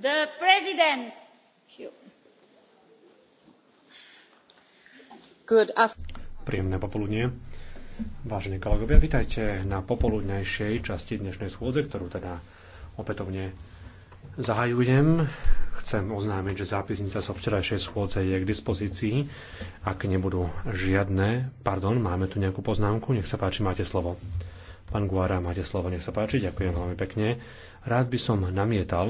the president. Príjemné popoludnie. Vážení kolegovia, vitajte na popoludnejšej časti dnešnej schôdze, ktorú teda opätovne zahajujem. Chcem oznámiť, že zápisnica so včerajšej schôdze je k dispozícii. Ak nebudú žiadne, pardon, máme tu nejakú poznámku, nech sa páči, máte slovo. Pán Guara, máte slovo, nech sa páči, ďakujem veľmi pekne. Rád by som namietal,